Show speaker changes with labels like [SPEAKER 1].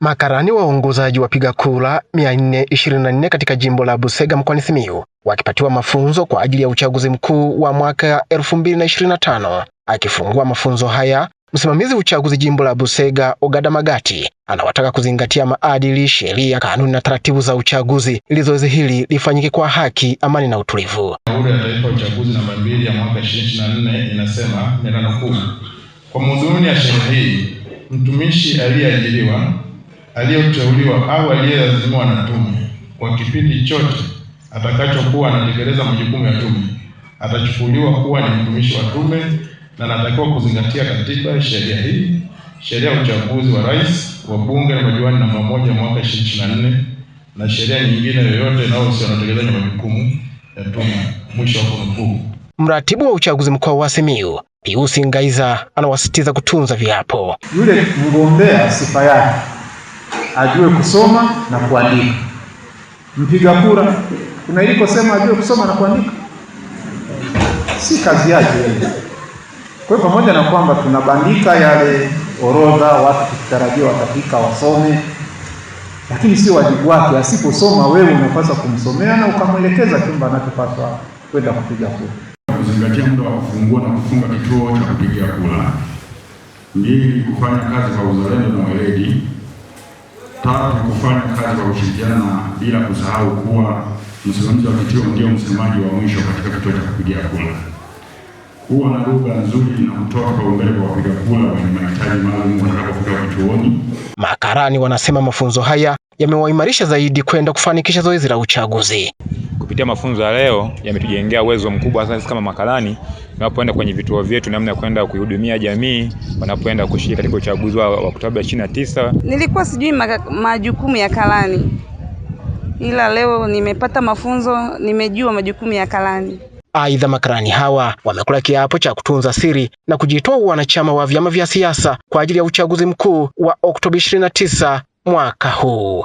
[SPEAKER 1] Makarani waongozaji wapiga kura 424 katika jimbo la Busega mkoani Simiyu wakipatiwa mafunzo kwa ajili ya uchaguzi mkuu wa mwaka 2025. Akifungua mafunzo haya, msimamizi uchaguzi jimbo la Busega Ogada Magati anawataka kuzingatia maadili, sheria, kanuni na taratibu za uchaguzi ili zoezi hili lifanyike kwa haki, amani na utulivu.
[SPEAKER 2] Kauli ya Taifa uchaguzi namba ya mwaka 2024 inasema, kwa madhumuni ya sheria hii, mtumishi aliyeajiriwa aliyeteuliwa au aliyelazimiwa na tume kwa kipindi chote atakachokuwa anatekeleza majukumu ya tume atachukuliwa kuwa ni mtumishi wa tume na anatakiwa kuzingatia katiba, sheria hii, sheria ya uchaguzi wa rais, wa bunge na madiwani namba moja mwaka 2024 na sheria nyingine yoyote inayohusiana na utekelezaji wa majukumu ya tume. Mwisho wa kunukuu.
[SPEAKER 1] Mratibu wa uchaguzi mkoa wa Simiyu Piusi Ngaiza anawasitiza kutunza viapo.
[SPEAKER 3] Yule mgombea sifa yake ajue kusoma na kuandika. Mpiga kura kuna iliko sema ajue kusoma na kuandika, si kazi yake. Kwa hiyo pamoja na kwamba tunabandika yale orodha watu tukitarajia watafika wasome, lakini sio wajibu wake. Asiposoma wewe unapaswa kumsomea na ukamwelekeza chumba anachopaswa kwenda kupiga kura,
[SPEAKER 2] kuzingatia muda wa kufungua na kufunga kituo cha kupigia kura. Mbili, kufanya kazi kwa uzalendo na weledi tatu kufanya kazi kwa kushirikiana, bila kusahau kuwa msimamizi wa kituo ndio msemaji wa mwisho katika kituo cha kupigia kura. Huwa na lugha nzuri na kutoa kipaumbele kwa wapiga kura wenye mahitaji maalum watakapofika kituoni.
[SPEAKER 1] Makarani wanasema mafunzo haya yamewaimarisha zaidi kwenda kufanikisha zoezi la uchaguzi.
[SPEAKER 4] Kupitia mafunzo ya leo yametujengea uwezo mkubwa sasa kama makarani, tunapoenda kwenye vituo vyetu, namna ya kwenda kuihudumia jamii wanapoenda kushiriki katika uchaguzi wa Oktoba 29.
[SPEAKER 5] Nilikuwa sijui majukumu ya karani, ila leo nimepata mafunzo, nimejua majukumu ya karani.
[SPEAKER 1] Aidha, makarani hawa wamekula kiapo cha kutunza siri na kujitoa wanachama wa vyama vya siasa kwa ajili ya uchaguzi mkuu wa Oktoba 29 mwaka huu.